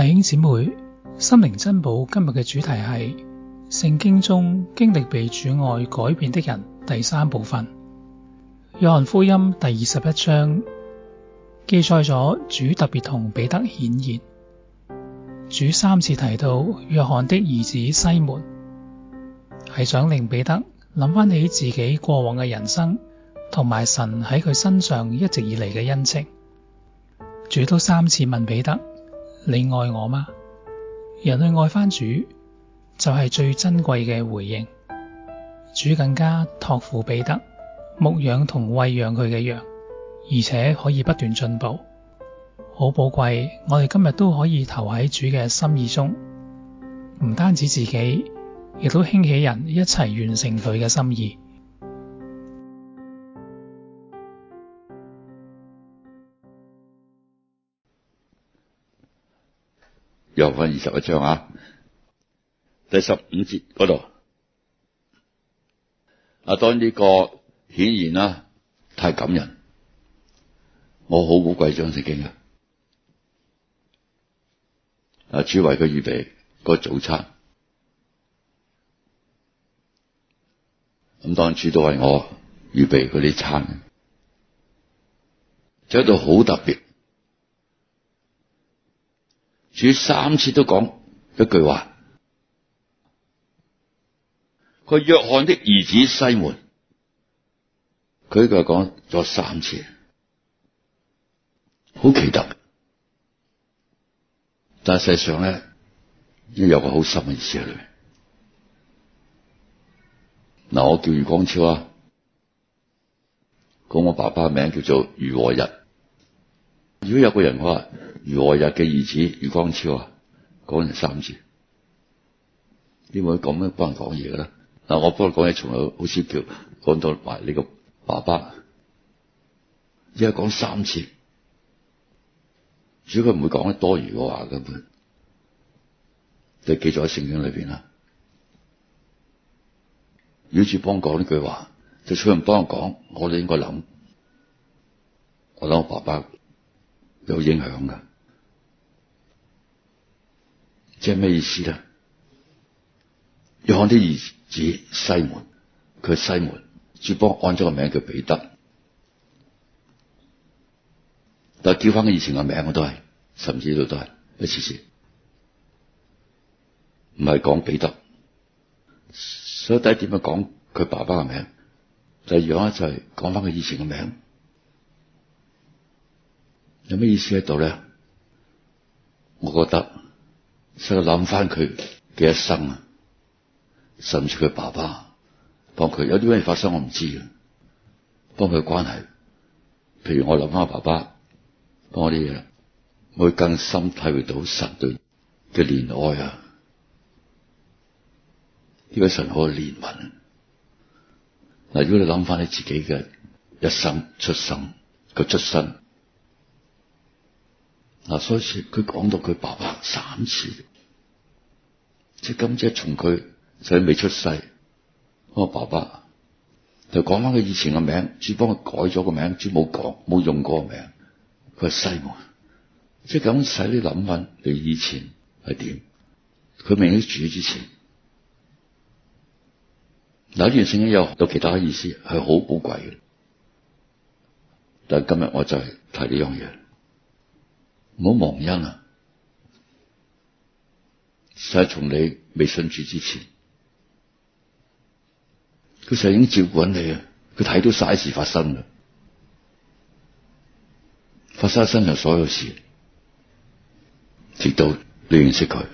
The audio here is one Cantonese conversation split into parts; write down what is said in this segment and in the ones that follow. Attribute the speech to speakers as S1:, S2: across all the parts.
S1: 弟兄姊妹，心靈珍寶今日嘅主題係《聖經》中經歷被主愛改變的人第三部分。約翰福音第二十一章記載咗主特別同彼得顯現，主三次提到約翰的兒子西門，係想令彼得諗翻起自己過往嘅人生，同埋神喺佢身上一直以嚟嘅恩情。主都三次問彼得。你愛我嗎？人類愛返主，就係最珍貴嘅回應。主更加托付彼得牧養同餵養佢嘅羊，而且可以不斷進步，好寶貴。我哋今日都可以投喺主嘅心意中，唔單止自己，亦都興起人一齊完成佢嘅心意。又翻二十一章啊，第十五節嗰度啊，當呢個顯然啦，太感人，我好寶貴《張聖經》啊，主為佢預備嗰早餐，咁當主都係我預備嗰啲餐，就一套好特別。主三次都講一句話，佢約翰的兒子西門，佢呢句話講咗三次，好奇特。但係世上咧，有個好深嘅意思喺裏面。嗱，我叫余光昭啊，咁我爸爸嘅名叫做余和日。如果有個人話，余外日嘅兒子余光昭啊，講完三次，點會咁樣幫人講嘢嘅咧？嗱，我幫人講嘢從來好少叫講到埋你個爸爸，而家講三次，主要佢唔會講得多餘嘅話嘅，佢都記載喺聖經裏邊啦。如果住幫講呢句話，就係出面幫人講，我哋應該諗，我諗我爸爸有影響嘅。即係咩意思咧？約翰啲兒子西門，佢西門主幫我按咗個名叫彼得，但係叫翻佢以前個名，我都係，甚至度都係，一次次唔係講彼得。所以第一點樣講佢爸爸嘅名，第二樣咧就係講翻佢以前嘅名，有咩意思喺度咧？我覺得。所以諗翻佢嘅一生啊，甚至佢爸爸幫佢，有啲咩嘢發生我唔知啊。幫佢關係，譬如我諗翻爸爸幫我啲嘢，我會更深體會到神對嘅憐愛啊！呢位神好憐憫。嗱，如果你諗翻你自己嘅一生、出生、個出身。嗱，所以佢講到佢爸爸三次，即係咁，即係從佢仔未出世，我爸爸就講翻佢以前嘅名，只幫佢改咗個名，只冇講冇用過個名。佢係西門，即係咁，使你諗翻你以前係點？佢未喺主之前，嗱，呢段聖經有有其他意思，係好寶貴嘅。但係今日我就係提呢樣嘢。唔好忘恩啊！就係從你未信住之前，佢就已經照顧緊你啊！佢睇到晒事發生啦，發生身上所有事，直到你認識佢。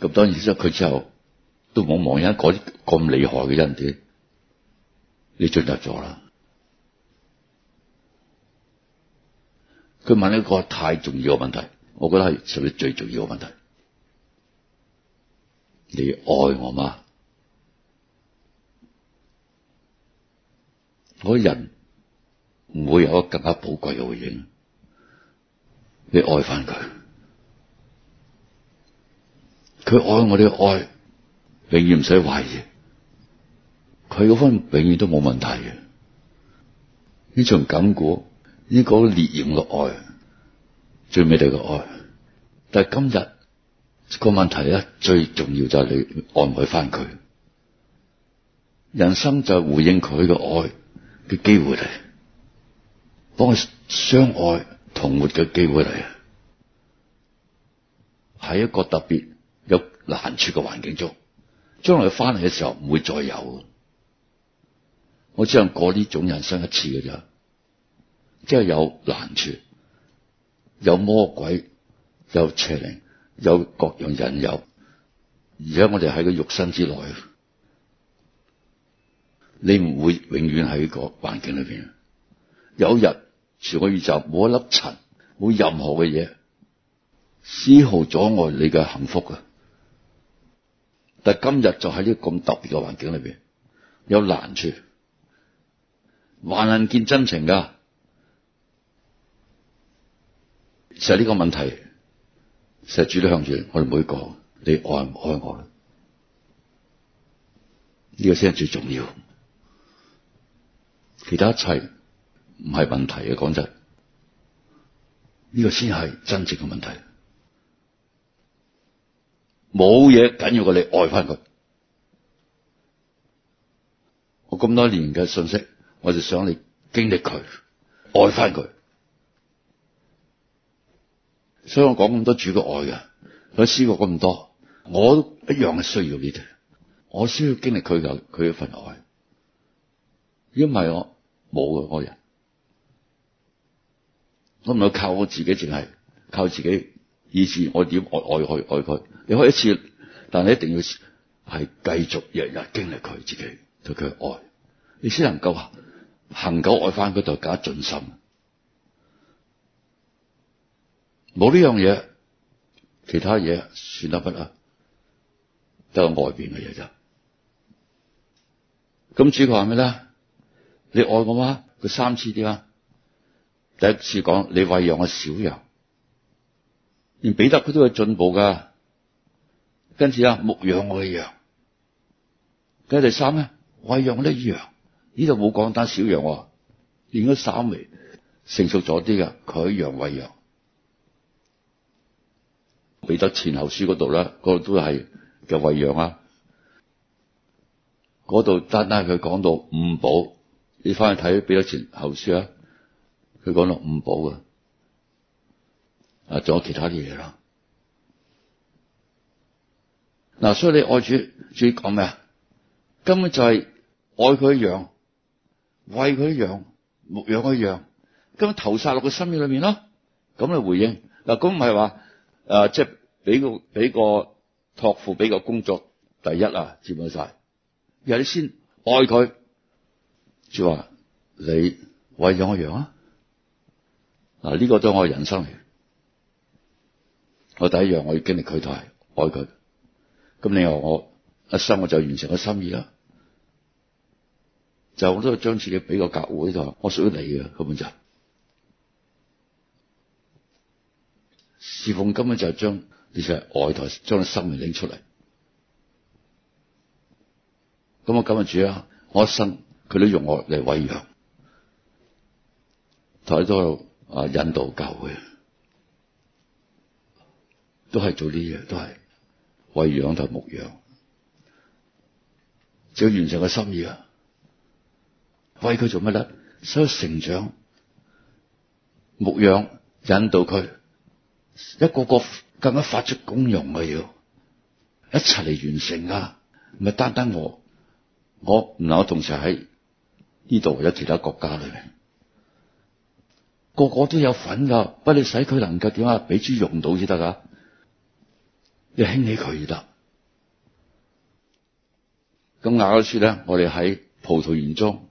S1: 咁當然識佢之後，都唔好忘恩、那個。嗰啲咁厲害嘅恩典，你進入咗啦。佢問一個太重要嘅問題，我覺得係實在最重要嘅問題。你愛我嗎？我人唔會有更加寶貴嘅回應。你愛翻佢，佢愛我哋愛，永遠唔使懷疑。佢嗰方面永遠都冇問題嘅，呢種感覺。呢個烈焰嘅愛，最美麗嘅愛。但係今日個問題咧，最重要就係你愛唔愛翻佢？人生就係回應佢嘅愛嘅機會嚟，幫佢相愛同活嘅機會嚟。喺一個特別有難處嘅環境中，將來佢翻嚟嘅時候唔會再有。我只能過呢種人生一次嘅咋。即係有難處，有魔鬼，有邪靈，有各樣人有，而且我哋喺個肉身之內，你唔會永遠喺個環境裏邊。有日，全個宇宙冇一粒塵，冇任何嘅嘢，絲毫阻礙你嘅幸福嘅。但今日就喺呢個咁特別嘅環境裏邊，有難處，還能見真情噶。其實呢個問題，成日主都向住我哋每一個，你愛唔愛我咧？呢個先係最重要，其他一切唔係問題嘅。講真，呢個先係真正嘅問題。冇嘢緊要過你愛翻佢。我咁多年嘅信息，我就想你經歷佢，愛翻佢。所以我講咁多主嘅愛嘅，佢試過咁多，我一樣係需要呢啲，我需要經歷佢嘅佢一份愛，因為我冇嘅愛人，我唔係靠我自己，淨係靠自己意志我點愛愛去愛佢，你可以一次，但係一定要係繼續日日經歷佢自己對佢嘅愛，你先能夠恆久愛翻佢就更加盡心。冇呢樣嘢，其他嘢算得不啦，都有外邊嘅嘢啫。咁主角話咩咧？你愛我嗎？佢三次點啊？第一次講你餵養我小羊，連彼得佢都有進步噶。跟住啊，牧養我嘅羊。跟住第三咧，餵養我啲羊，呢度冇講單小羊，應該稍微成熟咗啲嘅佢羊餵羊。彼得前後書嗰度啦，嗰度都係嘅餵養啊，嗰度單單佢講到五寶，你翻去睇彼得前後書啊，佢講到五寶噶，啊仲有其他啲嘢啦，嗱、啊，所以你愛主，主要講咩啊？根本就係愛佢一樣，餵佢一樣，牧養佢一樣，咁投晒落個心意裏面咯，咁你回應嗱，咁唔係話誒即係。俾個俾個託付，俾個工作，第一啊，接咗晒。有啲先愛佢，就話你餵養我羊啊。嗱，呢、呢個都係我人生嚟。我第一樣我要經歷佢就係、是、愛佢。咁你話我一生我就完成個心意啦。就我都將自己俾個教會，就話我屬於你嘅，根本金就侍奉根本就係將。而且外台將啲生命拎出嚟，咁我今日住啊，我一生佢都用我嚟喂養台多啊，都引導教嘅都係做啲嘢，都係喂養同牧養，就要完成個心意啊！喂佢做乜咧？想成長，牧養引導佢，一個個。更加發出功用嘅要一齊嚟完成啊！唔係單單我，我嗱，我同時喺呢度或者其他國家裏面，個個都有份㗎。不你使佢能夠點啊？俾佢用到先得㗎，你興起佢而得。咁咬咗出咧，我哋喺葡萄園中，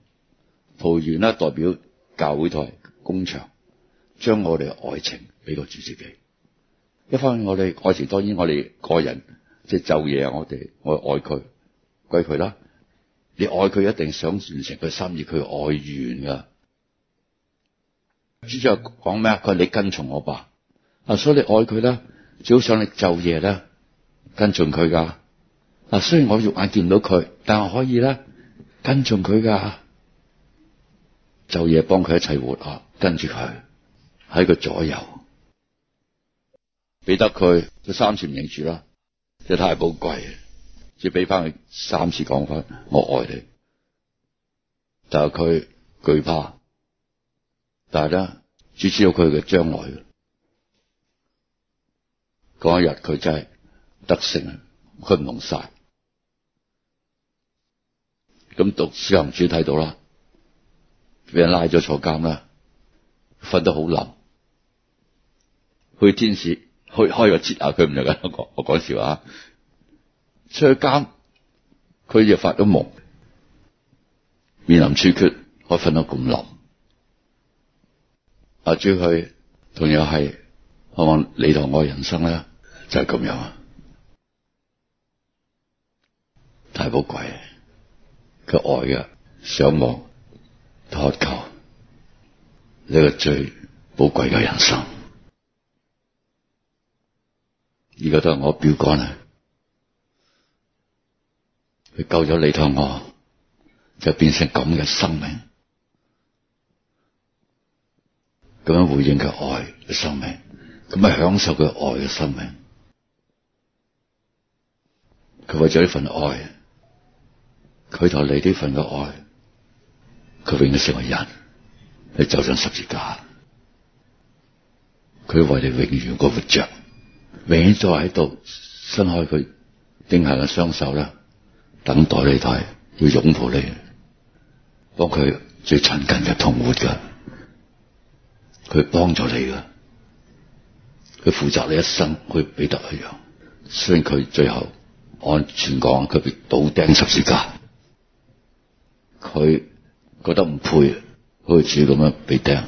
S1: 葡萄園咧代表教會台工場，將我哋嘅愛情俾個主自己。一方面我哋愛情，當然我哋個人即係晝夜啊！我哋我愛佢，歸佢啦。你愛佢一定想完成佢心意，佢愛完噶。主就講咩啊？佢話，你跟從我吧。嗱，所以你愛佢啦，最好想你晝夜啦，跟從佢噶。嗱，雖然我肉眼見到佢，但係可以啦，跟從佢噶，晝夜幫佢一齊活啊，跟住佢喺佢左右。彼得佢，佢三次唔認住啦，即係太寶貴，即係俾翻佢三次講翻，我愛你，但係佢懼怕，但係咧，只知道佢嘅將來，嗰一日佢真係得勝，佢唔同晒，咁讀使行傳睇到啦，俾人拉咗坐監啦，瞓得好冧，去天使。去開個節啊！佢唔就咁講，我講笑啊！出去監，佢就發咗夢，面臨處決，我瞓到咁腍。阿朱佢同樣係，可唔可你同我人生咧，就係咁樣啊！太寶貴，佢愛嘅向往渴求，呢個最寶貴嘅人生。呢個都係我標桿啦，佢救咗你同我，就變成咁嘅生命，咁樣回應佢愛嘅生命，咁樣享受佢愛嘅生命，佢為咗呢份愛，佢同你呢份嘅愛，佢永遠成為人，你走上十字架，佢為你永遠過活着。明顯喺度伸開佢釘痕嘅雙手啦，等待你睇，要擁抱你，幫佢最親近嘅同活噶，佢幫助你噶，佢負責你一生，佢彼得一樣，雖然佢最後安全港，佢被倒釘十字架，佢覺得唔配，好似咁樣被釘。